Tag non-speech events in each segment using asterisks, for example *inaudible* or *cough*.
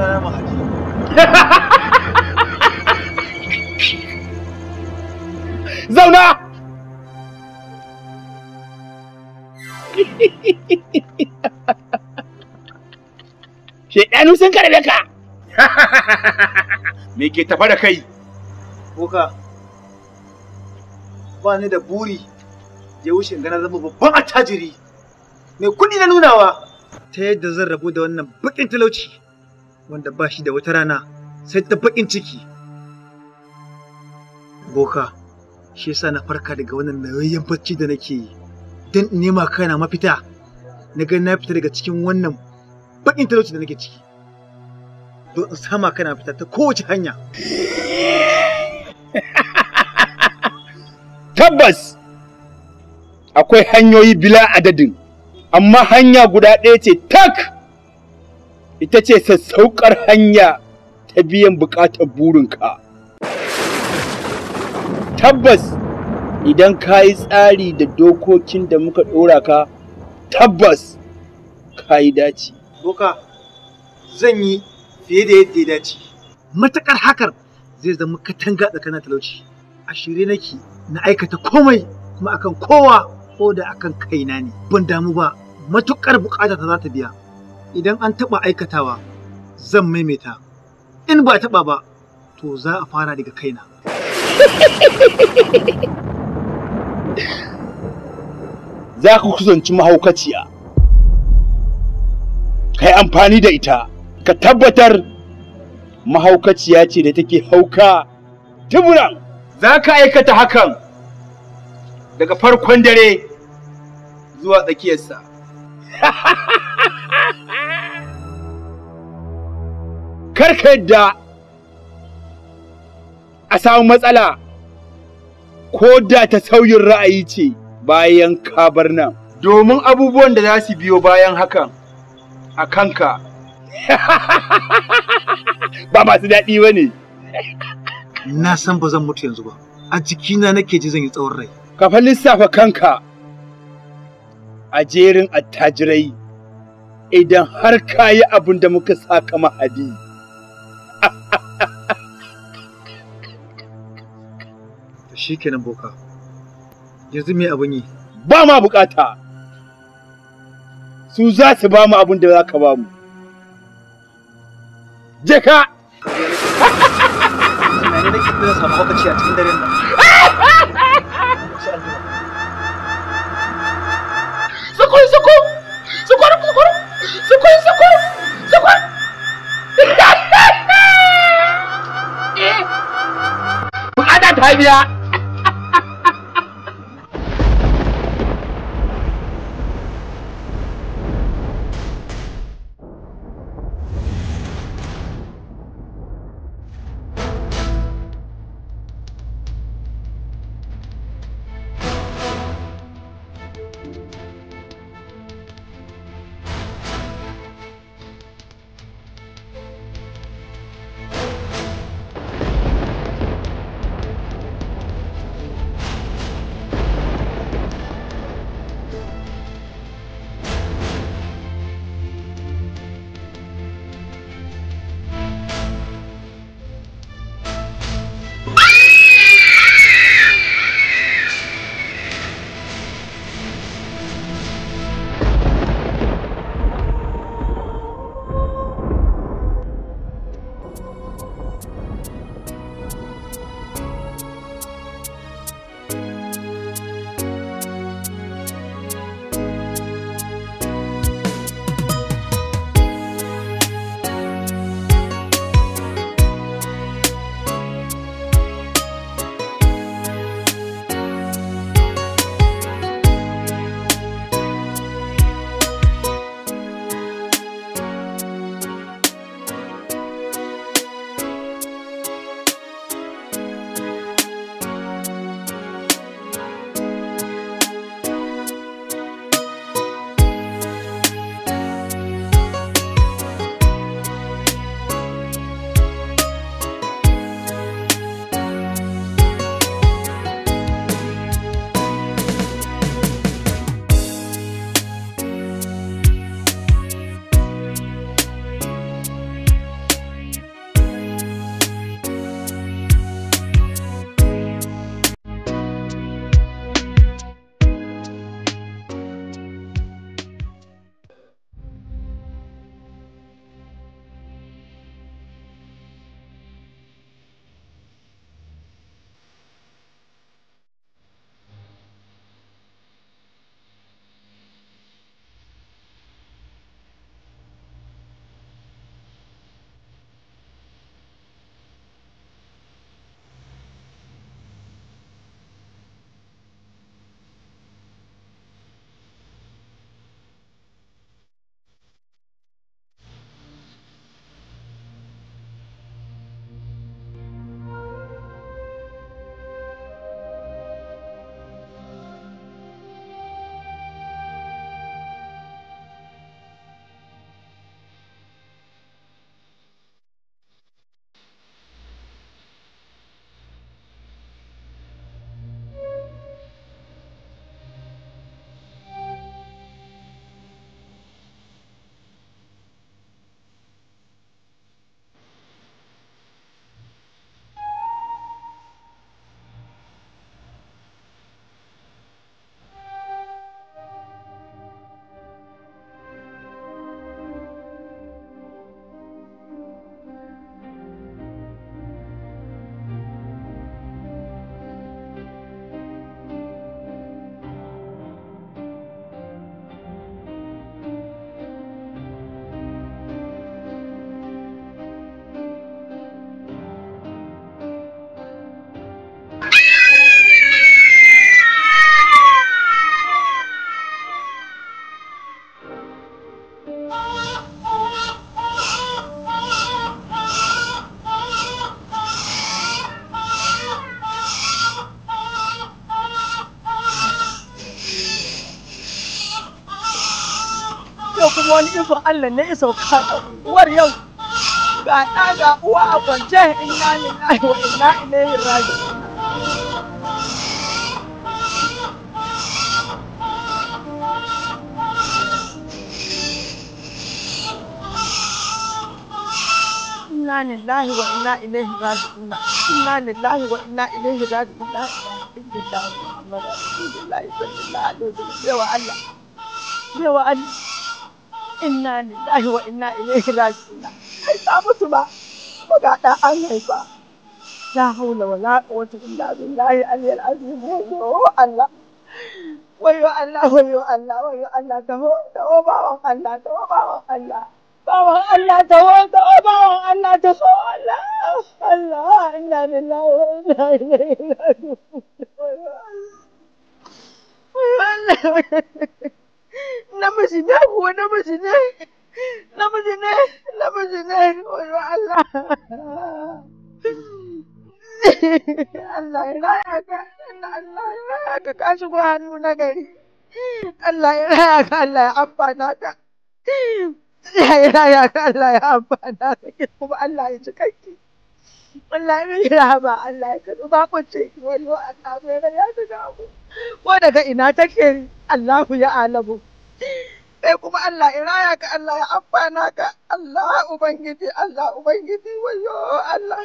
sa nama a Zauna! *laughs* sun karbe ka! *laughs* Me ke tafa da kai? Boka, ba ni da buri ya wuce gana zama babban attajiri mai kuɗi na nunawa ta yadda zan rabu da wannan baƙin talauci. wanda ba shi da wata rana sai ta baƙin ciki boka shi yasa na farka daga wannan nauyin bacci da nake yi don in nema kana mafita na ga na fita daga cikin wannan baƙin talauci da nake ciki don in sama kana fita ta kowace hanya *laughs* tabbas akwai hanyoyi bila adadin amma hanya guda ɗaya ce tak ita ce saukar hanya ta biyan buƙatar burinka. Tabbas idan ka yi tsari da dokokin da muka ɗora ka, tabbas ka yi dace. Boka, zan yi fiye da yadda ya dace. Matakar hakar zai zama katanga tsakanin talauci. A shirye nake na aikata komai kuma akan kowa ko da akan kaina ne. Ban damu ba, Matuƙar bukata ta za ta biya. idan an taɓa aikatawa zan maimaita in ba taɓa ba to za a fara daga kaina *laughs* za ka kusanci mahaukaciya ka amfani da ita ka tabbatar mahaukaciya ce da take hauka tuburan za ka aikata hakan daga farkon dare zuwa tsakiyarsa *laughs* karka yadda a samu matsala ko da ta sauyin ra'ayi ce bayan ka bar nan domin abubuwan da za su biyo bayan hakan a kanka *laughs* ba masu daɗi ba ne na san ba zan mutu yanzu ba a jikina nake ji zan yi tsawon rai ka fa lissafa kanka a jerin attajirai idan har ka yi abin da muka saka mahadi. to shikenan boka yanzu me abin yi ba ma bukata su za su ba mu abin da za ka ba mu je ka a Socorro, socorro! Socorro, socorro! Socorro, socorro! 再抬一遍。kuma wani ikon Allah na isa uwar yau ga ɗa ga uwa a kwance inna lillahi wa inna ilaihi raji'un inna lillahi wa inna ilaihi raji'un inna lillahi wa inna ilaihi raji'un la ilaha illallah muhammadur rasulullah sallallahu alaihi wa sallam wa Allah wa Allah inna lillahi wa inna ilaihi raji'un ta mutu ba ga da an haifa la haula wa la quwwata illa billahi aliyyil azim wayo Allah wayo Allah wayo Allah wayo Allah taho taho bawan Allah taho bawan Allah bawan Allah taho taho bawan Allah taho Allah Allah inna lillahi wa inna ilaihi raji'un wayo Allah wayo Allah namiji ne kuwa namiji ne namiji ne namiji ne wani Allah Allah ya raya ka Allah ya raya ka ka shigo hannu na gari Allah ya raya ka Allah ya amfana ka Allah ya raya ka Allah ya amfana ka kuma Allah ya ji kanki Allah ya Allah ya kaɗu wani wa ko daga ina take Allahu ya alamu kai kuma Allah ya ka Allah ya amfana ka Allah ubangiji Allah ubangiji wayo Allah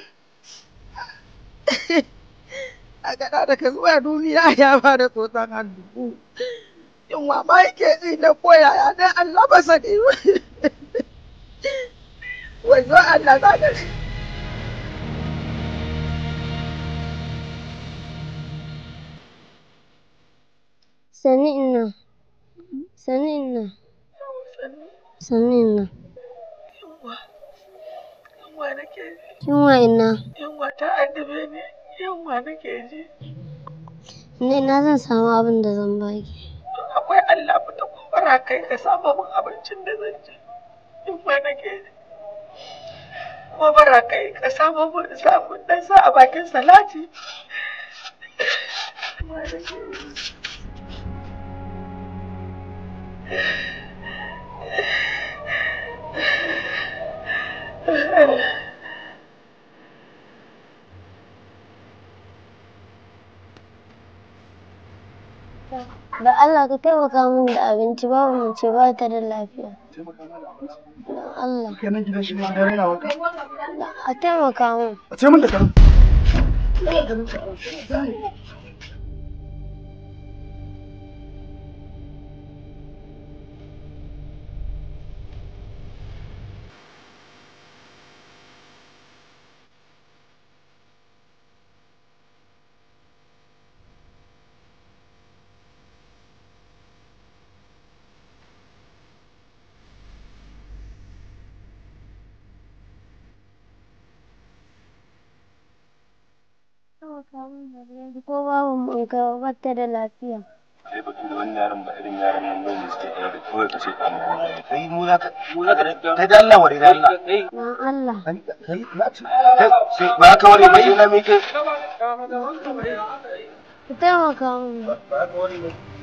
a gada da ka zuwa duniya ya ba da tsotsan hannu wa ma yake ji na koya ya dai Allah ba sani wayo Allah za ka sani ina sani ina Sannin nan. Yawa na ke ji. Yawa ina. Yawa ta addabe yawa na ke ji. Ni na zan samu abin da zan baki. Akwai Allah fita kubara kai ka samu min abincin da zan ci. Yawwa nake ji. Kuma kai ka samu min sakun dan sa a bakin salati. Yawwa nake ji. Da Allah ka taimaka mun da abinci babu mu ce ba ta da lafiya. Da Allah. Kai nan gidan shi ne da raina wanka. A taimaka mun. A ce mun da karin. ko babu manka da lafiya. Sai wani yaron ba irin yaron nan da suke ɗaya da kawai ka sai ka Kai mu za ka mu za ka da Allah da Allah. Na Allah. Kai na sai ba ka wari ba ina kai. Ka mu. Ba ka